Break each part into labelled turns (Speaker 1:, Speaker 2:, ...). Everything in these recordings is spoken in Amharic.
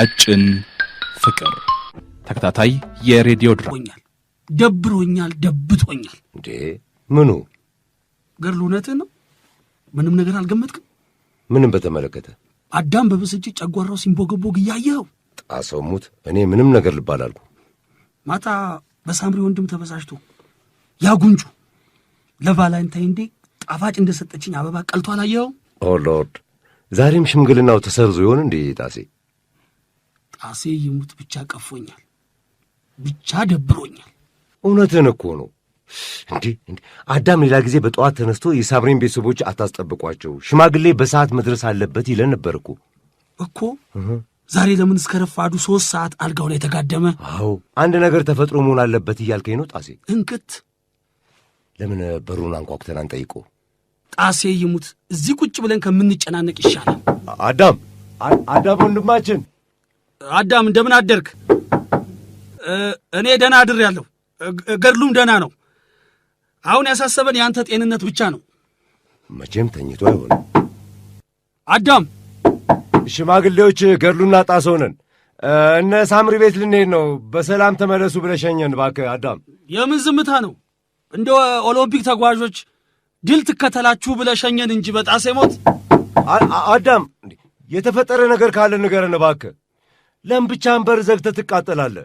Speaker 1: ቀጭን ፍቅር ተከታታይ የሬዲዮ ድራማ
Speaker 2: ደብሮኛል፣ ደብቶኛል።
Speaker 1: እንዴ ምኑ
Speaker 2: ገድሉ? ነው። ምንም ነገር አልገመትክም?
Speaker 1: ምንም በተመለከተ
Speaker 2: አዳም በብስጭት ጨጓራው ሲንቦገቦግ እያየኸው
Speaker 1: ጣሰው ሙት። እኔ ምንም ነገር ልባል አልኩ።
Speaker 2: ማታ በሳምሪ ወንድም ተበሳጭቶ ያጉንጩ ለቫላንታይን እንዴ ጣፋጭ እንደሰጠችኝ አበባ ቀልቶ አላየኸው?
Speaker 1: ኦ ሎርድ ዛሬም ሽምግልናው ተሰርዞ ይሆን እንዴ ጣሴ?
Speaker 2: ጣሴ ይሙት ብቻ ቀፎኛል፣ ብቻ ደብሮኛል።
Speaker 1: እውነትን እኮ ነው። እንዴ አዳም ሌላ ጊዜ በጠዋት ተነስቶ የሳብሬን ቤተሰቦች አታስጠብቋቸው፣ ሽማግሌ በሰዓት መድረስ አለበት ይለን ነበር እኮ
Speaker 2: እኮ ዛሬ ለምን እስከ ረፋዱ ሦስት ሰዓት አልጋው ላይ የተጋደመ?
Speaker 1: አዎ አንድ ነገር ተፈጥሮ መሆን አለበት እያልከኝ ነው ጣሴ? እንክት ለምን በሩን አንኳኩተን አንጠይቆ?
Speaker 2: ጣሴ ይሙት እዚህ ቁጭ ብለን ከምንጨናነቅ ይሻላል።
Speaker 1: አዳም አዳም ወንድማችን
Speaker 2: አዳም እንደምን አደርክ? እኔ ደህና ያለው ገድሉም ደህና ነው። አሁን ያሳሰበን የአንተ ጤንነት ብቻ ነው።
Speaker 1: መቼም ተኝቶ አይሆንም። አዳም፣ ሽማግሌዎች ገድሉና ጣሰውነን እነ ሳምሪ ቤት ልንሄድ ነው። በሰላም ተመለሱ ብለሸኘን። እባክህ አዳም።
Speaker 2: የምን ዝምታ ነው? እንደ ኦሎምፒክ ተጓዦች ድል ትከተላችሁ ብለሸኘን እንጂ በጣሴ ሞት።
Speaker 1: አዳም፣ የተፈጠረ ነገር ካለ ንገረን እባክህ። ለም ብቻህን በር ዘግተህ ትቃጠላለህ።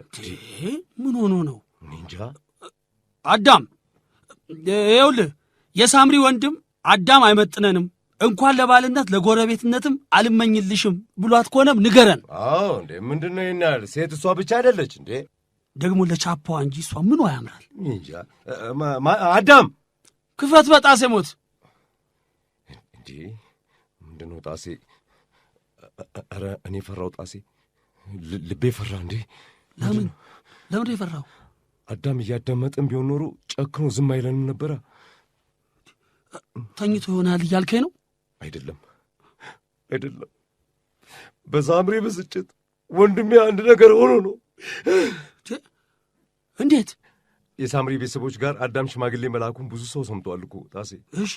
Speaker 1: ምን ሆኖ ነው? እንጃ።
Speaker 2: አዳም ይኸውልህ፣ የሳምሪ ወንድም አዳም አይመጥነንም፣ እንኳን ለባልነት ለጎረቤትነትም አልመኝልሽም ብሏት ከሆነም ንገረን።
Speaker 1: አዎ እንዴ፣ ምንድን ነው ይህን ሴት እሷ ብቻ አይደለች እንዴ?
Speaker 2: ደግሞ ለቻፖዋ እንጂ እሷ ምኑ ያምራል?
Speaker 1: እንጃ። አዳም
Speaker 2: ክፈት፣ በጣሴ ሞት
Speaker 1: እንዴ! ምንድነው ጣሴ? ኧረ እኔ ፈራው ጣሴ ልቤ ፈራ። እንዴ!
Speaker 2: ለምን ለምን የፈራው?
Speaker 1: አዳም እያዳመጠን ቢሆን ኖሮ ጨክኖ ዝም አይለንም ነበረ።
Speaker 2: ተኝቶ ይሆናል እያልከኝ ነው?
Speaker 1: አይደለም፣ አይደለም። በዛምሬ ብስጭት ወንድሜ አንድ ነገር ሆኖ ነው። እንዴት? የሳምሪ ቤተሰቦች ጋር አዳም ሽማግሌ መላኩን ብዙ ሰው ሰምተዋል እኮ እሺ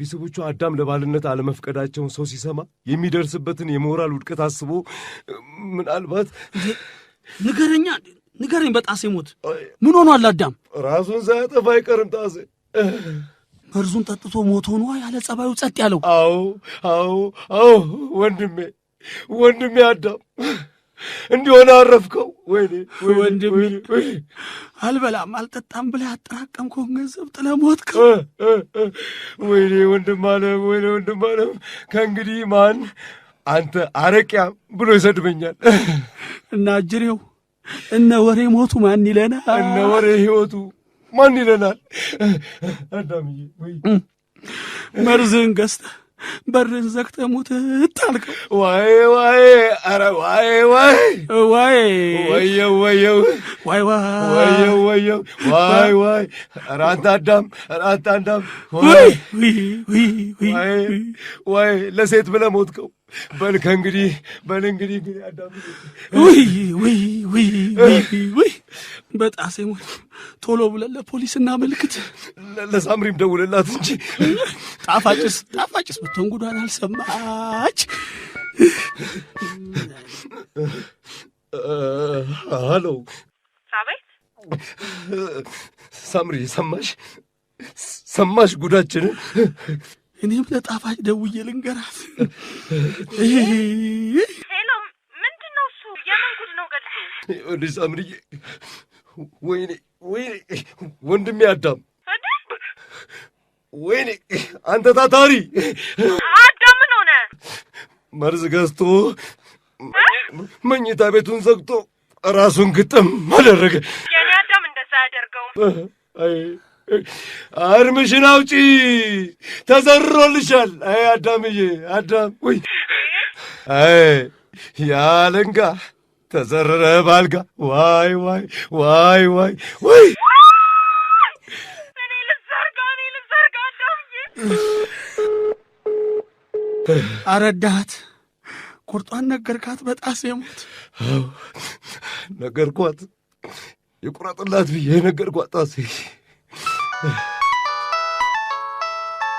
Speaker 1: ቤተሰቦቹ አዳም ለባልነት አለመፍቀዳቸውን ሰው ሲሰማ የሚደርስበትን የሞራል ውድቀት አስቦ ምናልባት
Speaker 2: ንገረኛ ንገረኝ፣ በጣሴ ሞት ምን ሆኗል? አዳም
Speaker 1: ራሱን ሳያጠፋ አይቀርም። ጣሴ
Speaker 2: መርዙን ጠጥቶ ሞት ሆኖ ያለ ጸባዩ ጸጥ ያለው።
Speaker 1: አዎ አዎ አዎ፣ ወንድሜ ወንድሜ አዳም እንዲሆነ አረፍከው። ወይኔ ወንድሜ
Speaker 2: አልበላም አልጠጣም ብለህ ያጠራቀምከውን ገንዘብ ጥለህ ሞትከው።
Speaker 1: ወይኔ ወንድም አለም፣ ወይኔ ወንድም አለም፣ ከእንግዲህ ማን አንተ አረቂያ ብሎ ይሰድበኛል።
Speaker 2: እና እጅሬው እነ ወሬ ሞቱ ማን ይለናል?
Speaker 1: እነ ወሬ ህይወቱ ማን ይለናል? አዳምዬ ወይ
Speaker 2: መርዝህን ገዝተህ በርን ዘግተ ሙት ታልከው።
Speaker 1: ዋይ ዋይ አረ ዋይ ዋይ ዋይ ወየው ወየው
Speaker 2: ዋይ ዋይ
Speaker 1: ወየው ዋይ ዋይ ራታዳም ራታዳም አዳም
Speaker 2: ወይ ወይ ወይ
Speaker 1: ዋይ ለሴት ብለህ ሞትከው። በል ከእንግዲህ በል እንግዲህ
Speaker 2: ውይ በጣሴ ሞት ቶሎ ብለን ለፖሊስ እናመልክት።
Speaker 1: ለሳምሪም ደውልላት እንጂ
Speaker 2: ጣፋጭስ ጣፋጭስ ብትሆን ጉዳን አልሰማች።
Speaker 1: አሎ፣ አቤት። ሳምሪ ሰማሽ? ሰማሽ ጉዳችንን
Speaker 2: እኔም ለጣፋጭ ደውዬ ልንገራት።
Speaker 3: ሄሎ፣ ምንድን ነው እሱ? የምን ጉድ
Speaker 1: ነው ሳምርዬ፣ ወይኔ ወይኔ፣ ወንድሜ አዳም፣ ወይኔ አንተ ታታሪ
Speaker 3: አዳም፣ ምን ሆነ?
Speaker 1: መርዝ ገዝቶ መኝታ ቤቱን ዘግቶ ራሱን ግጥም አደረገ።
Speaker 3: የኔ አዳም እንደዛ አያደርገውም።
Speaker 1: አርምሽን አውጪ፣ ተዘርሮልሻል። አይ አዳምዬ፣ አዳም ወይ አይ ያለንጋ ተዘረረ ባልጋ። ዋይ ዋይ ዋይ ዋይ ወይ
Speaker 2: አረዳት ቁርጧን ነገርካት? በጣሴ ሞት
Speaker 1: ነገርኳት። የቁረጥላት ብዬ ነገርኳት ጣሴ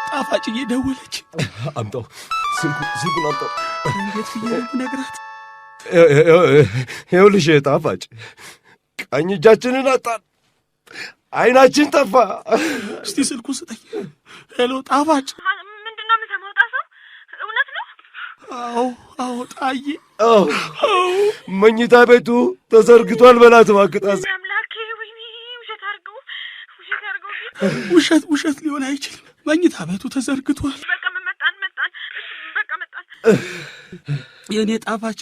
Speaker 2: ጣፋጭ እየደወለች
Speaker 1: አምጣው፣ ስልኩ ስልኩን አምጣው።
Speaker 2: እንዴት ብዬ ነግራት?
Speaker 1: ይኸውልሽ ጣፋጭ፣ ቀኝ እጃችንን አጣን፣ አይናችን ጠፋ።
Speaker 2: እስቲ ስልኩን ስጠኝ። ሄሎ ጣፋጭ፣
Speaker 3: ምንድን ነው የምሰማው? ጣሰ፣ እውነት ነው?
Speaker 2: አዎ፣ አዎ፣ ጣዬ፣
Speaker 1: መኝታ ቤቱ ተዘርግቷል። በላት እባክህ ጣሰ
Speaker 2: ውሸት ውሸት ሊሆን አይችልም። መኝታ ቤቱ ተዘርግቷል። የእኔ ጣፋጭ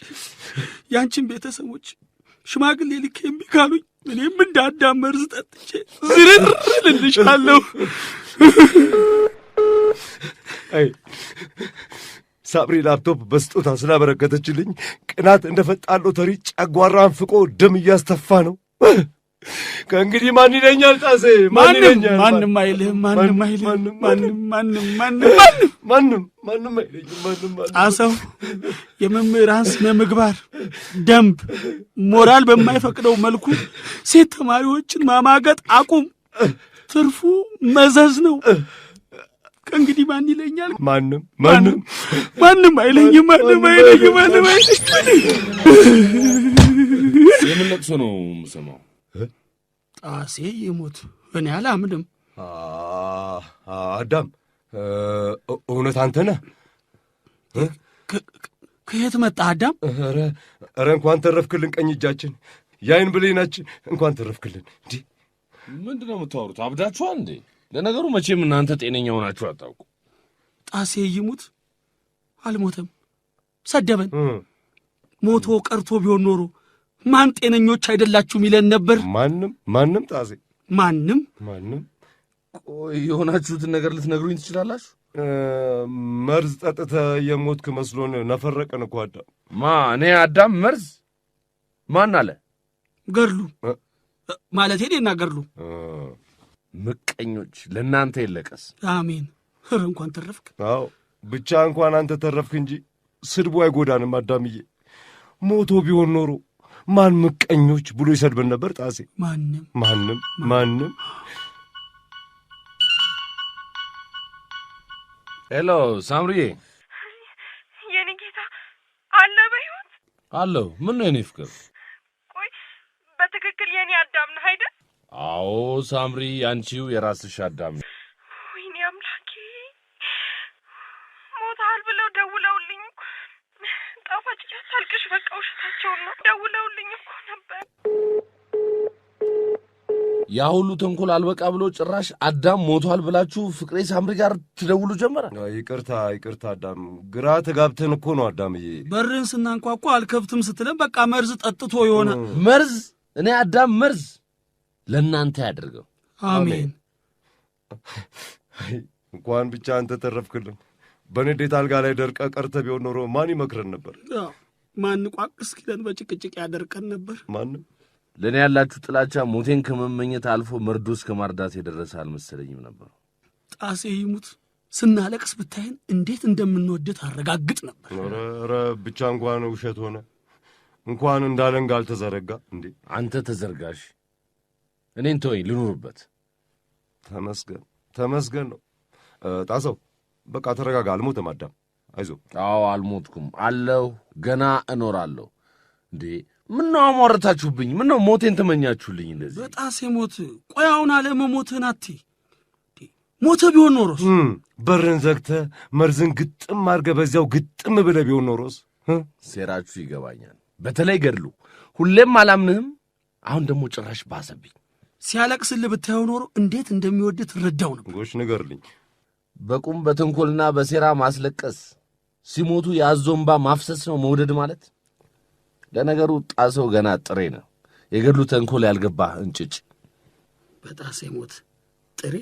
Speaker 2: የአንቺን ቤተሰቦች ሽማግሌ ልክ የሚካሉኝ እኔም እንዳዳመር መርዝ ጠጥቼ ዝርር ልልሻለሁ።
Speaker 1: ሳብሪ ላፕቶፕ በስጦታ ስላበረከተችልኝ ቅናት እንደፈጣለው ፈጣን ሎተሪ ጨጓራን ፍቆ ደም እያስተፋ ነው። ከእንግዲህ ማን ይለኛል? ጣሴ ማን
Speaker 2: ይለኛል? ማንም አይልህም። ማንም አይልህም። ማንም ማንም ማንም
Speaker 1: ማንም ማንም አይለኝም። ማንም
Speaker 2: ጣሰው የመምህራን ስነ ምግባር፣ ደንብ፣ ሞራል በማይፈቅደው መልኩ ሴት ተማሪዎችን ማማገጥ አቁም። ትርፉ መዘዝ ነው። ከእንግዲህ ማን ይለኛል?
Speaker 1: ማንም ማንም
Speaker 2: ማንም አይለኝም። ማንም አይለኝም። ማንም አይለኝም።
Speaker 1: የምን ለቅሶ ነው የምሰማው?
Speaker 2: ጣሴ ይሙት እኔ አላምንም።
Speaker 1: አዳም እውነት አንተ ነህ?
Speaker 2: ከየት መጣ አዳም?
Speaker 1: ኧረ እንኳን ተረፍክልን፣ ቀኝ እጃችን የአይን ብሌናችን እንኳን ተረፍክልን። እንዲ
Speaker 4: ምንድን ነው የምታወሩት? አብዳችኋ እንዴ? ለነገሩ መቼም እናንተ ጤነኛ ሆናችሁ አታውቁ።
Speaker 2: ጣሴ ይሙት አልሞተም፣ ሰደበን። ሞቶ ቀርቶ ቢሆን ኖሮ ማን ጤነኞች አይደላችሁም ይለን ነበር?
Speaker 1: ማንም ማንም። ጣሴ ማንም ማንም።
Speaker 4: ቆይ የሆናችሁትን ነገር ልትነግሩኝ ትችላላችሁ?
Speaker 1: መርዝ ጠጥተ የሞትክ መስሎን ነፈረቀን እኮ አዳም።
Speaker 4: ማ እኔ አዳም መርዝ ማን አለ?
Speaker 2: ገድሉ ማለት ሄዴና ገድሉ።
Speaker 4: ምቀኞች ለእናንተ የለቀስ።
Speaker 2: አሜን። ኧረ እንኳን ተረፍክ።
Speaker 1: አዎ ብቻ እንኳን አንተ ተረፍክ እንጂ ስድቡ አይጎዳንም አዳምዬ። ሞቶ ቢሆን ኖሮ ማን ምቀኞች ብሎ ይሰድበን ነበር ጣሴ? ማንም ማንም ማንም።
Speaker 4: ሄሎ ሳምሪዬ፣
Speaker 3: የኔ ጌታ አለ በሕይወት
Speaker 4: አለው። ምን ነው የኔ ፍቅር?
Speaker 3: ቆይ በትክክል የኔ አዳም ነህ አይደል?
Speaker 4: አዎ ሳምሪ፣ አንቺው የራስሽ አዳም ነው።
Speaker 3: ወይኔ አምላኬ፣ ሞታል ብለው ደውለውልኝ ጣፋጭ ያሳልቅሽ። በቃ ውሸታቸውን ነው። ደውለውልኝ እኮ ነበር።
Speaker 4: ያ ሁሉ ተንኮል አልበቃ ብሎ ጭራሽ አዳም ሞቷል ብላችሁ ፍቅሬ ሳምሪ ጋር ትደውሉ ጀመረ።
Speaker 1: ይቅርታ ይቅርታ፣ አዳም ግራ ተጋብተን እኮ ነው። አዳምዬ
Speaker 2: በርን ስናንኳኳ አልከፍትም ስትለን በቃ መርዝ ጠጥቶ የሆነ
Speaker 4: መርዝ። እኔ አዳም መርዝ ለእናንተ ያደርገው።
Speaker 2: አሜን።
Speaker 1: እንኳን ብቻ አንተ ተረፍክልን። በንዴት አልጋ ላይ ደርቀ ቀርተ ቢሆን ኖሮ ማን ይመክረን ነበር?
Speaker 2: ማን ቋቅ እስኪለን በጭቅጭቅ ያደርቀን ነበር?
Speaker 1: ማንም።
Speaker 4: ለእኔ ያላችሁ ጥላቻ ሞቴን ከመመኘት አልፎ መርዶ እስከ ማርዳት የደረሰ አልመሰለኝም ነበር።
Speaker 2: ጣሴ ይሙት ስናለቅስ ብታይን እንዴት እንደምንወድት አረጋግጥ ነበር።
Speaker 1: ኧረ ብቻ እንኳን ውሸት ሆነ እንኳን እንዳለንጋ አልተዘረጋ እንዴ።
Speaker 4: አንተ ተዘርጋሽ፣ እኔን ተወኝ ልኑርበት።
Speaker 1: ተመስገን ተመስገን ነው ጣሰው በቃ ተረጋጋ። አልሞትም አዳም፣ አይዞ።
Speaker 4: አዎ አልሞትኩም፣ አለሁ፣ ገና እኖራለሁ። እንዴ ምነው አሟረታችሁብኝ? ምነው ሞቴን ተመኛችሁልኝ እንደዚህ
Speaker 2: በጣሴ ሞት። ቆያውን አሁን አለመሞትህን አትይ። ሞተ ቢሆን ኖሮስ
Speaker 1: በርን ዘግተ መርዝን ግጥም አድርገ በዚያው ግጥም ብለ ቢሆን ኖሮስ።
Speaker 4: ሴራችሁ ይገባኛል፣ በተለይ ገድሉ። ሁሌም አላምንህም፣ አሁን ደግሞ ጭራሽ ባሰብኝ።
Speaker 2: ሲያለቅስልህ ብታየው ኖሮ እንዴት እንደሚወድህ ትረዳው ነበር።
Speaker 4: ጎሽ ንገርልኝ በቁም በትንኮልና በሴራ ማስለቀስ ሲሞቱ የአዞንባ ማፍሰስ ነው መውደድ ማለት። ለነገሩ ጣሰው ገና ጥሬ ነው። የገድሉ ተንኮል ያልገባ እንጭጭ።
Speaker 2: በጣሴ ሞት ጥሬ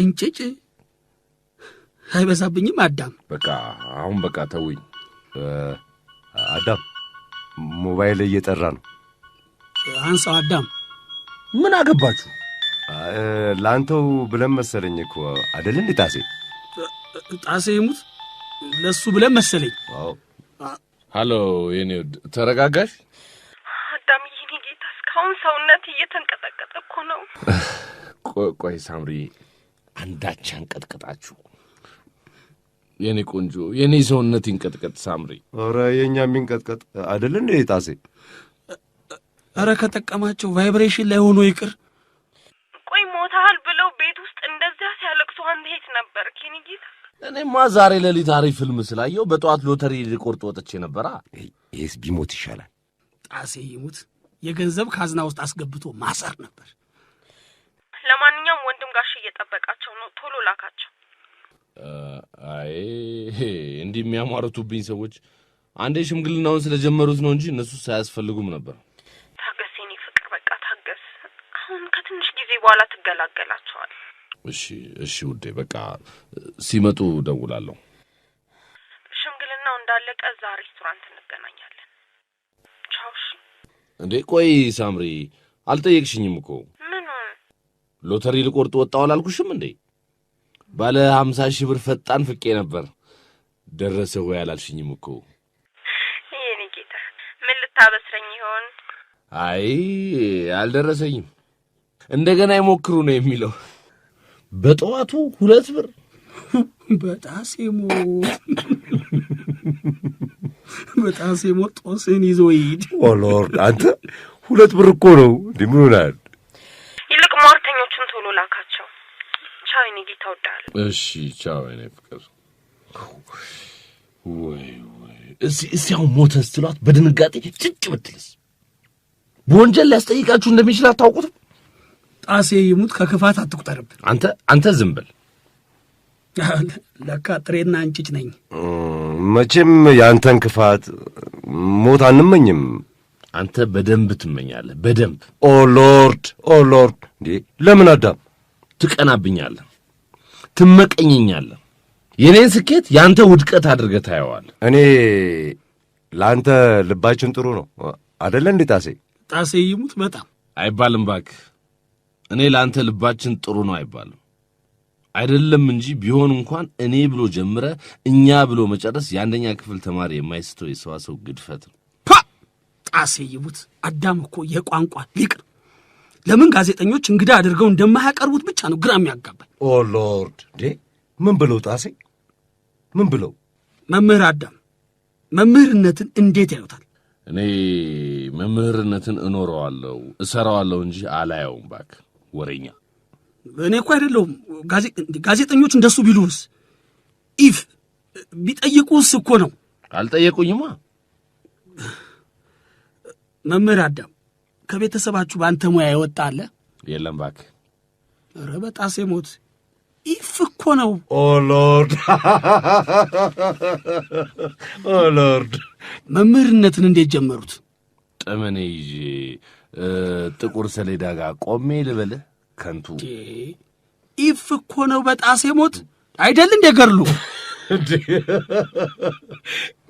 Speaker 2: እንጭጭ አይበዛብኝም። አዳም
Speaker 1: በቃ አሁን በቃ ተውኝ። አዳም ሞባይል እየጠራ ነው።
Speaker 2: አንሳው አዳም።
Speaker 4: ምን አገባችሁ?
Speaker 1: ለአንተው ብለን መሰለኝ እኮ አደል እንዴ? ጣሴ
Speaker 2: ጣሴ ይሙት ለሱ ብለን መሰለኝ።
Speaker 4: ሀሎ የኔ ውድ ተረጋጋሽ።
Speaker 3: አዳም ይህኔ ጌታ እስካሁን ሰውነት እየተንቀጠቀጠ እኮ ነው።
Speaker 4: ቆይ ሳምሪ አንዳች አንቀጥቅጣችሁ የኔ ቆንጆ የኔ ሰውነት ይንቀጥቀጥ ሳምሪ።
Speaker 1: ኧረ የእኛ የሚንቀጥቀጥ አደል እንዴ ጣሴ?
Speaker 2: ኧረ ከጠቀማቸው ቫይብሬሽን ላይ ሆኖ ይቅር
Speaker 3: ለቅሶ አንተ ሄድ ነበር እኔ
Speaker 4: እኔማ ዛሬ ሌሊት አሪፍ ፊልም ስላየው በጠዋት ሎተሪ ልቆርጥ ወጥቼ ነበራ። ይህስ ቢሞት ይሻላል።
Speaker 2: ጣሴ ይሙት የገንዘብ ካዝና ውስጥ አስገብቶ ማሰር ነበር።
Speaker 3: ለማንኛውም ወንድም ጋሽ እየጠበቃቸው ነው፣ ቶሎ ላካቸው።
Speaker 4: አይ እንዲህ የሚያሟርቱብኝ ሰዎች አንዴ ሽምግልናውን ስለጀመሩት ነው እንጂ እነሱ ሳያስፈልጉም ነበር።
Speaker 3: ታገስ የኔ ፍቅር፣ በቃ ታገስ። አሁን ከትንሽ ጊዜ በኋላ ትገላገላቸው።
Speaker 4: እሺ፣ እሺ ውዴ፣ በቃ ሲመጡ ደውላለሁ።
Speaker 3: ሽምግልናው እንዳለቀ እዛ ሬስቶራንት እንገናኛለን። ቻውሽ።
Speaker 4: እንዴ ቆይ ሳምሪ፣ አልጠየቅሽኝም እኮ ምን ሎተሪ ልቆርጥ ወጣሁ አላልኩሽም እንዴ? ባለ ሀምሳ ሺህ ብር ፈጣን ፍቄ ነበር። ደረሰ ወይ አላልሽኝም እኮ
Speaker 3: ይህን ጌታ። ምን ልታበስረኝ ይሆን?
Speaker 4: አይ አልደረሰኝም። እንደገና ይሞክሩ ነው የሚለው
Speaker 2: በጠዋቱ ሁለት ብር በጣሴ ሞት በጣሴ ሞት ጦስን ይዞ ይሂድ።
Speaker 1: ኦሎርድ አንተ ሁለት ብር እኮ ነው ዲምሉናል።
Speaker 3: ይልቅ ሟርተኞቹን ቶሎ ላካቸው። ቻው የኔ ጌታ ወዳለ።
Speaker 4: እሺ ቻው የኔ ፍቅር። ወይ ወይ እስቲ እስቲ አሁን ሞተ ስትሏት በድንጋጤ ጭጭ ብትልስ በወንጀል ሊያስጠይቃችሁ እንደሚችል አታውቁትም።
Speaker 2: ጣሴ ይሙት ከክፋት አትቁጠርብን።
Speaker 4: አንተ አንተ ዝም
Speaker 2: ለካ ጥሬና እንጭጭ ነኝ።
Speaker 1: መቼም የአንተን ክፋት ሞት አንመኝም።
Speaker 4: አንተ በደንብ ትመኛለህ፣ በደንብ
Speaker 1: ኦ ሎርድ፣ ኦ ሎርድ። እንዴ ለምን አዳም
Speaker 4: ትቀናብኛለህ፣ ትመቀኘኛለህ። የእኔን ስኬት የአንተ ውድቀት አድርገህ ታየዋል።
Speaker 1: እኔ ለአንተ ልባችን ጥሩ ነው አደለ እንዴ ጣሴ?
Speaker 2: ጣሴ ይሙት በጣም
Speaker 4: አይባልም እባክህ እኔ ለአንተ ልባችን ጥሩ ነው አይባልም። አይደለም እንጂ ቢሆን እንኳን እኔ ብሎ ጀምረ እኛ ብሎ መጨረስ የአንደኛ ክፍል ተማሪ የማይስተው የሰዋሰው ግድፈት ነው።
Speaker 2: ጣሴ ይቡት አዳም እኮ የቋንቋ ሊቅ ነው። ለምን ጋዜጠኞች እንግዳ አድርገው እንደማያቀርቡት ብቻ ነው ግራ የሚያጋባኝ።
Speaker 4: ኦ ሎርድ ዴ ምን ብለው ጣሴ ምን ብለው?
Speaker 2: መምህር አዳም መምህርነትን እንዴት ያዩታል?
Speaker 4: እኔ መምህርነትን እኖረዋለሁ እሰራዋለሁ እንጂ አላየውም ባክ ወሬኛ
Speaker 2: እኔ እኮ አይደለሁም። ጋዜጠኞች እንደሱ ቢሉስ ኢፍ ቢጠይቁስ እኮ ነው።
Speaker 4: አልጠየቁኝማ።
Speaker 2: መምህር አዳም ከቤተሰባችሁ በአንተ ሙያ የወጣ አለ? የለም እባክህ። ኧረ በጣሴ ሞት ኢፍ እኮ ነው።
Speaker 1: ኦ ሎርድ፣ ኦ ሎርድ።
Speaker 2: መምህርነትን እንዴት ጀመሩት?
Speaker 4: ጠመኔ ይዤ ጥቁር ሰሌዳ ጋር ቆሜ ልበልህ ከንቱ
Speaker 2: ኢፍ እኮ ነው በጣሴ ሞት አይደል እንደ ገርሉ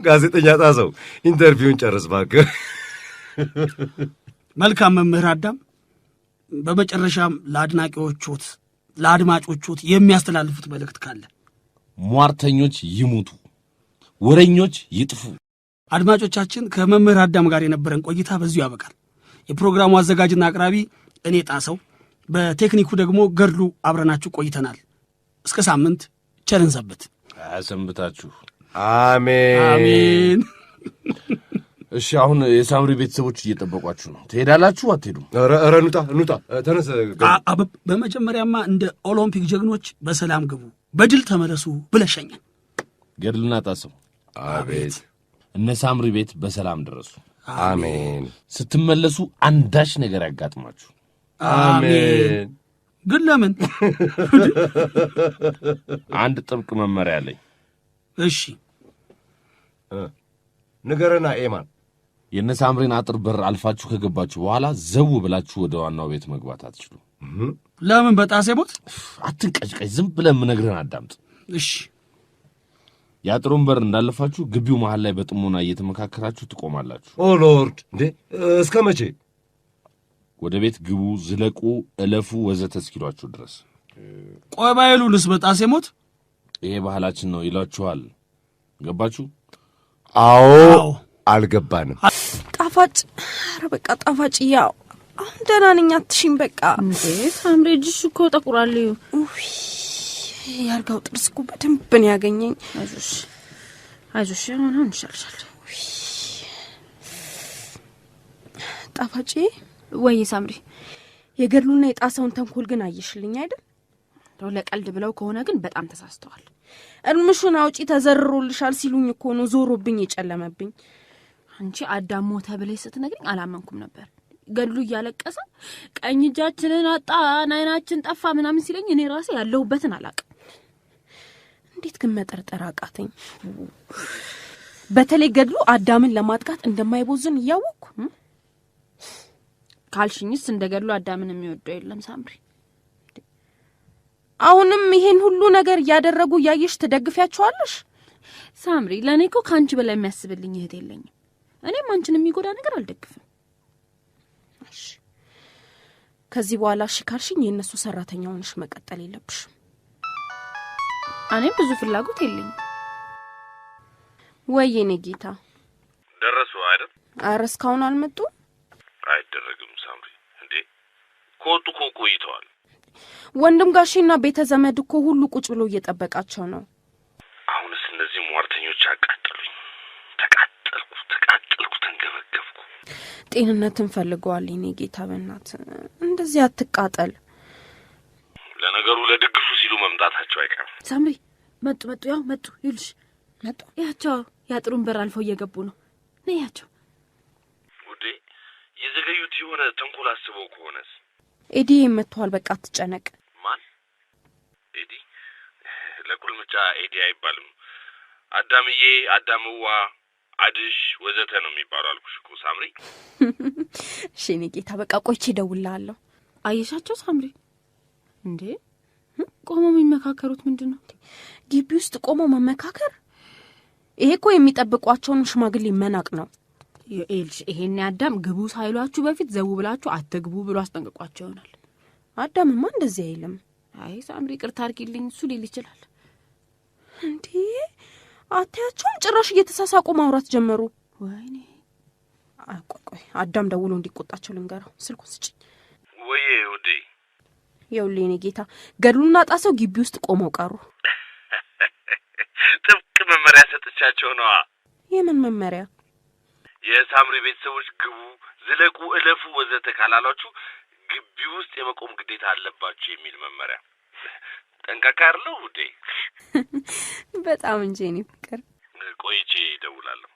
Speaker 1: ጋዜጠኛ ጣሰው ኢንተርቪውን ጨርስ እባክህ
Speaker 2: መልካም መምህር አዳም በመጨረሻም ለአድናቂዎችዎት ለአድማጮችዎት የሚያስተላልፉት መልእክት ካለ
Speaker 4: ሟርተኞች ይሙቱ ወረኞች ይጥፉ
Speaker 2: አድማጮቻችን ከመምህር አዳም ጋር የነበረን ቆይታ በዚሁ ያበቃል የፕሮግራሙ አዘጋጅና አቅራቢ እኔ ጣሰው፣ በቴክኒኩ ደግሞ ገድሉ። አብረናችሁ ቆይተናል። እስከ ሳምንት ቸርን ሰንብት።
Speaker 4: አያሰንብታችሁ።
Speaker 1: አሜን
Speaker 2: አሜን።
Speaker 4: እሺ አሁን የሳምሪ ቤተሰቦች እየጠበቋችሁ ነው። ትሄዳላችሁ አትሄዱም?
Speaker 1: ኧረ ኑጣ ኑጣ፣ ተነስ።
Speaker 2: በመጀመሪያማ እንደ ኦሎምፒክ ጀግኖች በሰላም ግቡ፣ በድል ተመለሱ ብለሸኛል።
Speaker 4: ገድልና ጣሰው አቤት። እነ ሳምሪ ቤት በሰላም ደረሱ። አሜን። ስትመለሱ አንዳች ነገር ያጋጥማችሁ።
Speaker 1: አሜን።
Speaker 2: ግን ለምን?
Speaker 4: አንድ ጥብቅ መመሪያ አለኝ።
Speaker 2: እሺ
Speaker 1: ንገረና ኤማን።
Speaker 4: የነ ሳምሬን አጥር በር አልፋችሁ ከገባችሁ በኋላ ዘው ብላችሁ ወደ ዋናው ቤት መግባት አትችሉ።
Speaker 2: ለምን? በጣሴ ሞት
Speaker 4: አትንቀጭቀጭ። ዝም ብለን ምነግርህን አዳምጥ። እሺ የአጥሩን በር እንዳለፋችሁ ግቢው መሃል ላይ በጥሞና እየተመካከራችሁ ትቆማላችሁ።
Speaker 1: ኦ ሎርድ! እንዴ እስከ መቼ?
Speaker 4: ወደ ቤት ግቡ፣ ዝለቁ፣ እለፉ፣ ወዘተ እስኪሏችሁ ድረስ።
Speaker 2: ቆይ ባይሉ ልስበጣሴ ሞት
Speaker 4: ይሄ ባህላችን ነው ይሏችኋል። ገባችሁ?
Speaker 1: አዎ፣ አልገባንም።
Speaker 3: ጣፋጭ፣ ኧረ በቃ ጣፋጭ። ያው አሁን ደህና ነኝ፣ አትሽኝ። በቃ
Speaker 2: እንዴ ሳምሬ እጅሽ እኮ ጠቁራለሁ።
Speaker 3: ያልጋው ጥርስ እኮ በደንብ ነው ያገኘኝ።
Speaker 2: አይዞሽ አይዞሽ፣ አሁን አሁን ይሻልሻል። ጣፋጭ ወይ ሳምሪ፣ የገድሉና የጣሰውን ተንኮል ግን አየሽልኝ አይደል? ለቀልድ ብለው ከሆነ ግን በጣም ተሳስተዋል። እርምሹን አውጪ ተዘርሮልሻል ሲሉኝ እኮ ነው ዞሮብኝ የጨለመብኝ። አንቺ አዳም ሞተ ብለሽ ስትነግሪኝ አላመንኩም ነበር። ገድሉ እያለቀሰ ቀኝ እጃችንን አጣን አይናችን ጠፋ ምናምን ሲለኝ እኔ ራሴ ያለሁበትን አላቅም። እንዴት ግን መጠርጠር አቃተኝ። በተለይ ገድሉ አዳምን ለማጥቃት እንደማይቦዝን እያወቅኩ ካልሽኝስ፣ እንደ ገድሉ አዳምን የሚወደው የለም ሳምሪ። አሁንም ይሄን ሁሉ ነገር እያደረጉ እያየሽ ትደግፊያቸዋለሽ? ሳምሪ፣ ለእኔ እኮ ከአንቺ በላይ የሚያስብልኝ እህት የለኝም። እኔም አንቺን የሚጎዳ ነገር አልደግፍም። ከዚህ በኋላ እሺ ካልሽኝ የእነሱ ሰራተኛ ሆነሽ መቀጠል የለብሽም። እኔም ብዙ ፍላጎት የለኝም። ወይ የኔ ጌታ
Speaker 5: ደረሱ አይደል?
Speaker 2: አረ እስካሁን አልመጡም።
Speaker 5: አይደረግም ሳምሪ፣ እንዴ ከወጡ እኮ ቆይተዋል።
Speaker 2: ወንድም ጋሼና ቤተ ዘመድ እኮ ሁሉ ቁጭ ብሎ እየጠበቃቸው ነው።
Speaker 5: አሁንስ እነዚህ ሟርተኞች አቃጠሉኝ። ተቃጠልኩ፣ ተቃጠልኩ፣ ተንገበገብኩ።
Speaker 2: ጤንነት እንፈልገዋል። የኔ ጌታ በእናት እንደዚህ አትቃጠል።
Speaker 5: ለነገሩ ለድግሱ ሲሉ መምጣታቸው አይቀርም።
Speaker 2: ሳምሪ መጡ መጡ፣ ያው መጡ ይሉሽ መጡ። ያቸው የአጥሩን በር አልፈው እየገቡ ነው። ነ ያቸው።
Speaker 5: ውዴ የዘገዩት የሆነ ተንኮል አስበው ከሆነስ?
Speaker 2: ኤዲ መጥተዋል። በቃ አትጨነቅ።
Speaker 5: ማን ኤዲ? ለቁልምጫ ኤዲ አይባልም። አዳምዬ፣ አዳምዋ፣ አድሽ ወዘተ ነው የሚባሉ አልኩሽ እኮ ሳምሪ።
Speaker 2: እሺ እኔ ጌታ፣ በቃ ቆይቼ እደውልልሃለሁ። አየሻቸው ሳምሪ እንዴ ቆመው የሚመካከሩት ምንድን ነው? ግቢ ውስጥ ቆመው መመካከር? ይሄ እኮ የሚጠብቋቸውን ሽማግሌ መናቅ ነው። ኤልሽ ይሄን አዳም ግቡ ሳይሏችሁ በፊት ዘው ብላችሁ አትግቡ ብሎ አስጠንቅቋቸው ይሆናል። አዳምማ እንደዚህ አይልም። አይ ሳምሪ ቅርታ አድርጊልኝ እሱ ሊል ይችላል። እንዴ አታያቸውም? ጭራሽ እየተሳሳቁ ማውራት ጀመሩ። ወይኔ ቆይ አዳም ደውሎ እንዲቆጣቸው ልንገረው። ስልኩን ስጭኝ። ወይዬ ውዴ የውሌኔ ጌታ ገድሉና ጣሰው ግቢ ውስጥ ቆመው ቀሩ።
Speaker 5: ጥብቅ መመሪያ ሰጥቻቸው ነዋ።
Speaker 2: የምን መመሪያ?
Speaker 5: የሳምሪ ቤተሰቦች ግቡ፣ ዝለቁ፣ እለፉ፣ ወዘተ ካላሏችሁ ግቢ ውስጥ የመቆም ግዴታ አለባችሁ የሚል መመሪያ። ጠንቃካ አይደለሁ ውዴ።
Speaker 2: በጣም እንጂ እኔ ፍቅር
Speaker 5: ቆይቼ እደውላለሁ።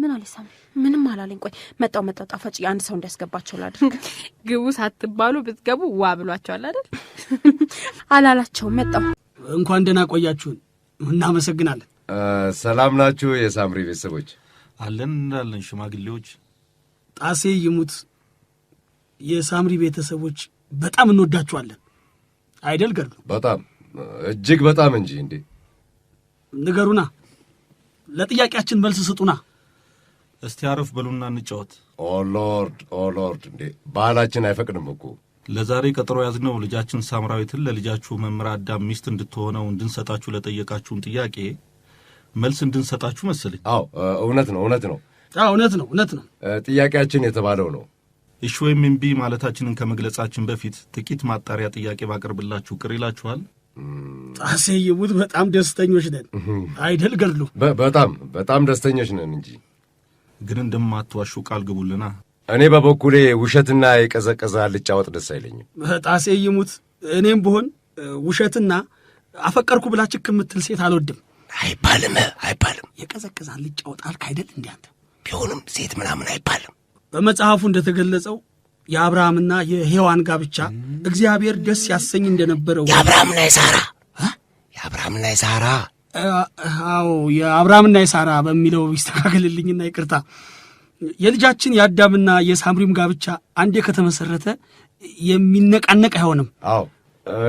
Speaker 2: ምን አልሳም ምንም አላለኝ። ቆይ መጣው መጣው ጣፋጭ የአንድ ሰው እንዲያስገባቸው ላድርግ። ግቡ ሳትባሉ ብትገቡ ዋ ብሏቸዋል አይደል? አላላቸው መጣው። እንኳን ደህና ቆያችሁን። እናመሰግናለን።
Speaker 1: ሰላም ናችሁ የሳምሪ ቤተሰቦች?
Speaker 4: አለን እንዳለን ሽማግሌዎች።
Speaker 2: ጣሴ ይሙት የሳምሪ ቤተሰቦች በጣም እንወዳችኋለን። አይደል ገርሉ?
Speaker 1: በጣም እጅግ በጣም እንጂ። እንዴ
Speaker 2: ንገሩና፣ ለጥያቄያችን መልስ ስጡና።
Speaker 4: እስቲ አረፍ በሉና እንጫወት።
Speaker 1: ኦ ሎርድ ኦ ሎርድ፣ እንዴ ባህላችን አይፈቅድም እኮ።
Speaker 4: ለዛሬ ቀጠሮ ያዝነው ልጃችን ሳምራዊትን ለልጃችሁ መምህር አዳም ሚስት እንድትሆነው እንድንሰጣችሁ ለጠየቃችሁን ጥያቄ መልስ እንድንሰጣችሁ መሰለኝ።
Speaker 1: አዎ እውነት ነው እውነት ነው
Speaker 2: እውነት ነው እውነት ነው
Speaker 1: ጥያቄያችን የተባለው ነው።
Speaker 4: እሺ ወይም እምቢ ማለታችንን ከመግለጻችን በፊት ጥቂት ማጣሪያ ጥያቄ ባቀርብላችሁ ቅር ይላችኋል?
Speaker 2: ጣሴ ይሙት፣ በጣም ደስተኞች ነን አይደል ገድሉ?
Speaker 1: በጣም በጣም ደስተኞች ነን እንጂ
Speaker 4: ግን እንደማትዋሹ ቃል ግቡልና።
Speaker 1: እኔ በበኩሌ ውሸትና የቀዘቀዘ አልጫ ወጥ ደስ አይለኝም።
Speaker 2: ጣሴ ይሙት፣ እኔም ብሆን ውሸትና አፈቀርኩ ብላ ችክ የምትል ሴት አልወድም።
Speaker 1: አይባልም አይባልም።
Speaker 2: የቀዘቀዘ አልጫ ወጥ አልክ አይደል? እንደ አንተ
Speaker 1: ቢሆንም ሴት ምናምን አይባልም።
Speaker 2: በመጽሐፉ እንደተገለጸው የአብርሃምና የሔዋን ጋብቻ እግዚአብሔር ደስ ያሰኝ እንደነበረው
Speaker 1: የአብርሃምና የሳራ የአብርሃምና የሳራ
Speaker 2: አዎ የአብርሃምና የሳራ በሚለው ይስተካከልልኝና ይቅርታ የልጃችን የአዳምና የሳምሪም ጋብቻ አንዴ ከተመሰረተ የሚነቃነቅ አይሆንም።
Speaker 1: አዎ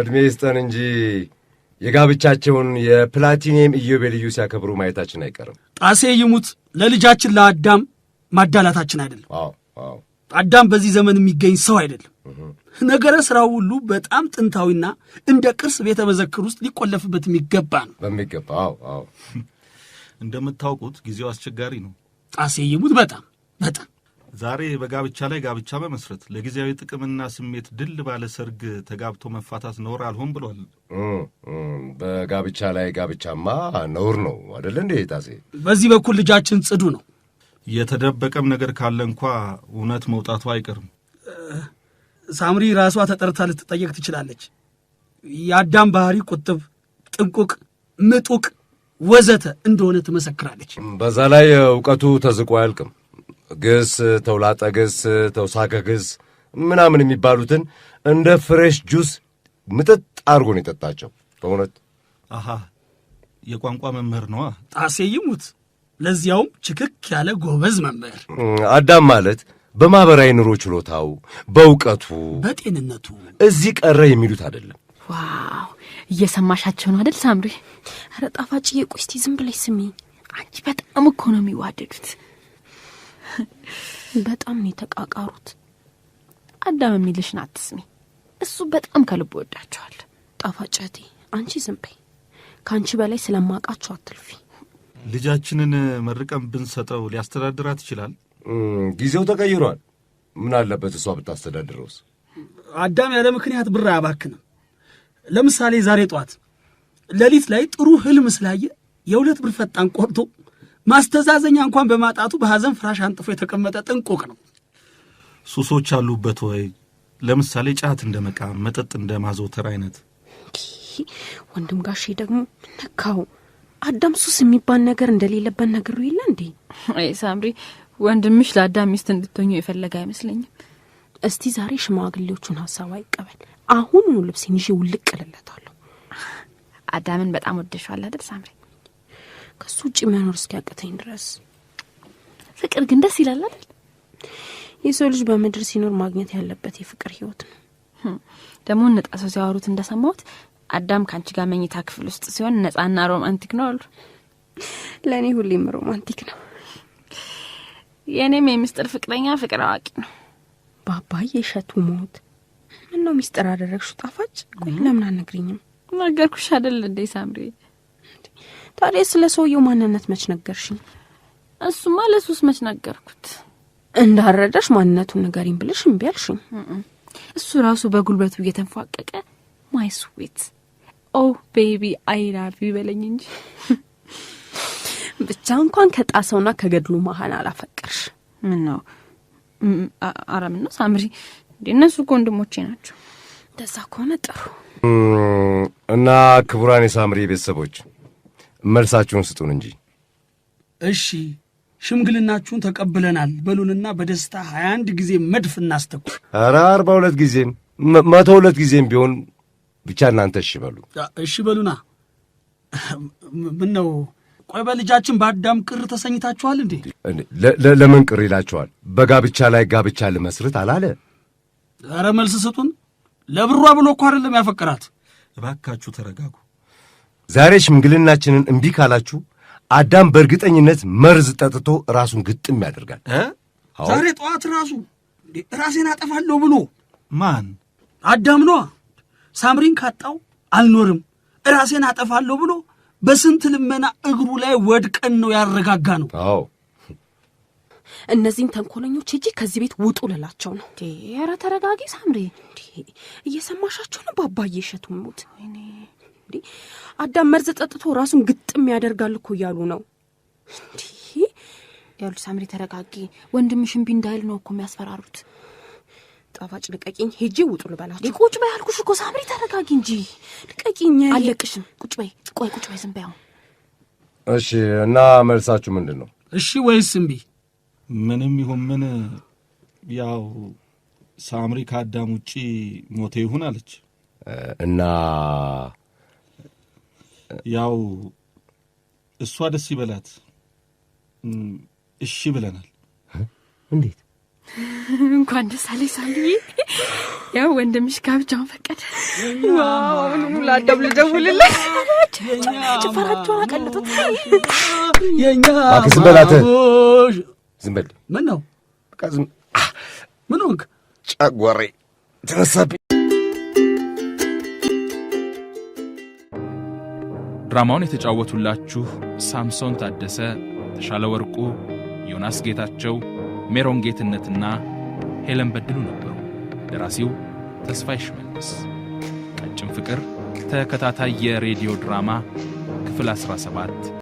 Speaker 1: እድሜ ይስጠን እንጂ የጋብቻቸውን የፕላቲኒየም ኢዮቤልዩ ሲያከብሩ ማየታችን አይቀርም።
Speaker 2: ጣሴ ይሙት ለልጃችን ለአዳም ማዳላታችን አይደለም። አዳም በዚህ ዘመን የሚገኝ ሰው አይደለም። ነገረ ስራው ሁሉ በጣም ጥንታዊና እንደ ቅርስ ቤተ መዘክር ውስጥ ሊቆለፍበት የሚገባ ነው።
Speaker 1: በሚገባ አዎ፣ አዎ።
Speaker 4: እንደምታውቁት ጊዜው አስቸጋሪ ነው።
Speaker 2: ጣሴ በጣም በጣም
Speaker 4: ዛሬ በጋብቻ ላይ ጋብቻ በመስረት ለጊዜያዊ ጥቅምና ስሜት ድል ባለ ሰርግ ተጋብቶ መፋታት ነውር አልሆን ብሏል።
Speaker 1: በጋብቻ ላይ ጋብቻማ ነውር ነው አደለ እንዴ ታሴ?
Speaker 2: በዚህ በኩል ልጃችን ጽዱ ነው።
Speaker 4: የተደበቀም ነገር ካለ እንኳ እውነት መውጣቱ አይቀርም።
Speaker 2: ሳምሪ ራሷ ተጠርታ ልትጠየቅ ትችላለች። የአዳም ባህሪ ቁጥብ፣ ጥንቁቅ፣ ምጡቅ ወዘተ እንደሆነ ትመሰክራለች።
Speaker 1: በዛ ላይ እውቀቱ ተዝቆ አያልቅም። ግስ፣ ተውላጠ ግስ፣ ተውሳከ ግስ ምናምን የሚባሉትን እንደ ፍሬሽ ጁስ ምጥጥ አድርጎ ነው የጠጣቸው። በእውነት
Speaker 4: አሃ የቋንቋ መምህር ነዋ።
Speaker 2: ጣሴ ይሙት፣ ለዚያውም ችክክ ያለ ጎበዝ መምህር።
Speaker 1: አዳም ማለት በማህበራዊ ኑሮ ችሎታው፣ በእውቀቱ፣
Speaker 2: በጤንነቱ
Speaker 1: እዚህ ቀረ የሚሉት አይደለም።
Speaker 2: ዋው እየሰማሻቸው ነው አደል ሳምሪ? ኧረ ጣፋጭ የቁስቲ ዝም ብለሽ ስሚ። አንቺ በጣም እኮ ነው የሚዋደዱት። በጣም ነው የተቃቃሩት። አዳም የሚልሽን አትስሚ። እሱ በጣም ከልብ ወዳቸዋል። ጣፋጨቴ አንቺ ዝም በይ። ከአንቺ በላይ ስለማውቃቸው አትልፊ።
Speaker 4: ልጃችንን መርቀም ብንሰጠው ሊያስተዳድራት ይችላል።
Speaker 1: ጊዜው ተቀይሯል። ምን አለበት እሷ ብታስተዳድረውስ?
Speaker 2: አዳም ያለ ምክንያት ብር አያባክንም። ለምሳሌ ዛሬ ጠዋት ሌሊት ላይ ጥሩ ህልም ስላየ የሁለት ብር ፈጣን ቆርጦ ማስተዛዘኛ እንኳን በማጣቱ በሐዘን ፍራሽ አንጥፎ የተቀመጠ ጥንቁቅ ነው።
Speaker 4: ሱሶች አሉበት ወይ? ለምሳሌ ጫት እንደ መቃም፣ መጠጥ እንደ ማዘውተር አይነት።
Speaker 2: ወንድም ጋሼ ደግሞ ነካው። አዳም ሱስ የሚባል ነገር እንደሌለበት ነገሩ የለ እንዴ? ሳምሪ ወንድምሽ ለአዳም ሚስት እንድትሆኙ የፈለገ አይመስለኝም። እስቲ ዛሬ ሽማግሌዎቹን ሀሳብ አይቀበል። አሁኑኑ ልብሴን ይዤ ውልቅ ቅልለታለሁ። አዳምን በጣም ወደሸዋል አይደል ሳምሪ? ከሱ ውጭ መኖር እስኪያቅተኝ ድረስ። ፍቅር ግን ደስ ይላል አይደል? የሰው ልጅ በምድር ሲኖር ማግኘት ያለበት የፍቅር ህይወት ነው። ደግሞ ነጣ ሰው ሲያወሩት እንደሰማሁት አዳም ከአንቺ ጋር መኝታ ክፍል ውስጥ ሲሆን ነጻና ሮማንቲክ ነው አሉ። ለእኔ ሁሌም ሮማንቲክ ነው። የእኔም የሚስጥር ፍቅረኛ ፍቅር አዋቂ ነው። ባባዬ እሸቱ ሞት ምን ነው ሚስጥር አደረግሹ? ጣፋጭ ቆይ ለምን አነግርኝም? ነገርኩሽ አደል እንዴ ሳምሪ። ታዲያ ስለ ሰውየው ማንነት መች ነገርሽኝ? እሱማ ለሱስ መች ነገርኩት። እንዳረዳሽ ማንነቱን ንገሪኝ ብልሽ እምቢ አልሽኝ። እሱ ራሱ በጉልበቱ እየተንፏቀቀ ማይ ስዊት ኦ ቤቢ አይ ላቭ ይበለኝ እንጂ ብቻ እንኳን ከጣሰውና ከገድሉ መሀል አላፈቀርሽ። ምን ነው ኧረ ምን ነው ሳምሪ፣ እነሱ እኮ ወንድሞቼ ናቸው። እንደዛ ከሆነ ጥሩ
Speaker 1: እና ክቡራን የሳምሪ ቤተሰቦች መልሳችሁን ስጡን እንጂ።
Speaker 2: እሺ ሽምግልናችሁን ተቀብለናል በሉንና በደስታ ሀያ አንድ ጊዜ መድፍ እናስተኩ
Speaker 1: ኧረ አርባ ሁለት ጊዜም መቶ ሁለት ጊዜም ቢሆን ብቻ እናንተ እሺ በሉ
Speaker 2: እሺ በሉና ምን ነው ቆይ በልጃችን በአዳም ቅር ተሰኝታችኋል እንዴ?
Speaker 1: ለምን ቅር ይላችኋል? በጋብቻ ላይ ጋብቻ ልመስርት አላለ።
Speaker 2: ኧረ መልስ ስጡን። ለብሯ ብሎ እኮ አይደለም ያፈቀራት።
Speaker 4: እባካችሁ ተረጋጉ።
Speaker 1: ዛሬ ሽምግልናችንን እምቢ ካላችሁ አዳም በእርግጠኝነት መርዝ ጠጥቶ ራሱን ግጥም ያደርጋል።
Speaker 2: ዛሬ ጠዋት ራሱ ራሴን አጠፋለሁ ብሎ ማን? አዳም ነዋ። ሳምሪን ካጣው አልኖርም ራሴን አጠፋለሁ ብሎ በስንት ልመና እግሩ ላይ ወድቀን ነው ያረጋጋ ነው። አዎ እነዚህን ተንኮለኞች እጂ ከዚህ ቤት ውጡ ልላቸው ነው። ኧረ ተረጋጊ ሳምሪ፣ እየሰማሻቸው ነው? ባባዬ እሸቱ ሙት አዳም መርዝ ጠጥቶ ራሱን ግጥም ያደርጋል እኮ እያሉ ነው። እንዲህ ያሉ ሳምሪ፣ ተረጋጊ። ወንድምሽ እምቢ እንዳይል ነው እኮ የሚያስፈራሩት። ጣፋጭ ልቀቂኝ፣ ሄጂ ውጡ ልበላቸው። ቁጭ በይ አልኩሽ እኮ ሳምሪ፣ ተረጋጊ እንጂ ልቀቂኝ። አለቅሽም። ቁጭ በይ፣ ቆይ ቁጭ በይ፣ ዝም በይ አሁን።
Speaker 1: እሺ። እና መልሳችሁ ምንድን ነው?
Speaker 2: እሺ ወይስ እምቢ?
Speaker 4: ምንም ይሁን ምን ያው ሳምሪ ከአዳም ውጪ ሞቴ ይሁን አለች እና ያው እሷ ደስ ይበላት እሺ ብለናል።
Speaker 1: እንዴት
Speaker 2: እንኳን ደስ አለሽ ሳልዬ። ያው ወንድምሽ ጋብቻውን ፈቀደ። አሁንም ለአዳም ልደውልለት። ጭፈራቸውን አቀልጡት።
Speaker 1: ዝም በላት፣ ዝም በል። ምን ነው ምን ሆንክ? ጨጓሬ ተነሳብኝ። ድራማውን የተጫወቱላችሁ ሳምሶን ታደሰ፣ ተሻለ ወርቁ፣ ዮናስ ጌታቸው ሜሮን ጌትነትና ሄለን በድሉ ነበሩ። ደራሲው ተስፋዬ ሽመልስ። ቀጭን ፍቅር ተከታታይ የሬዲዮ ድራማ ክፍል 17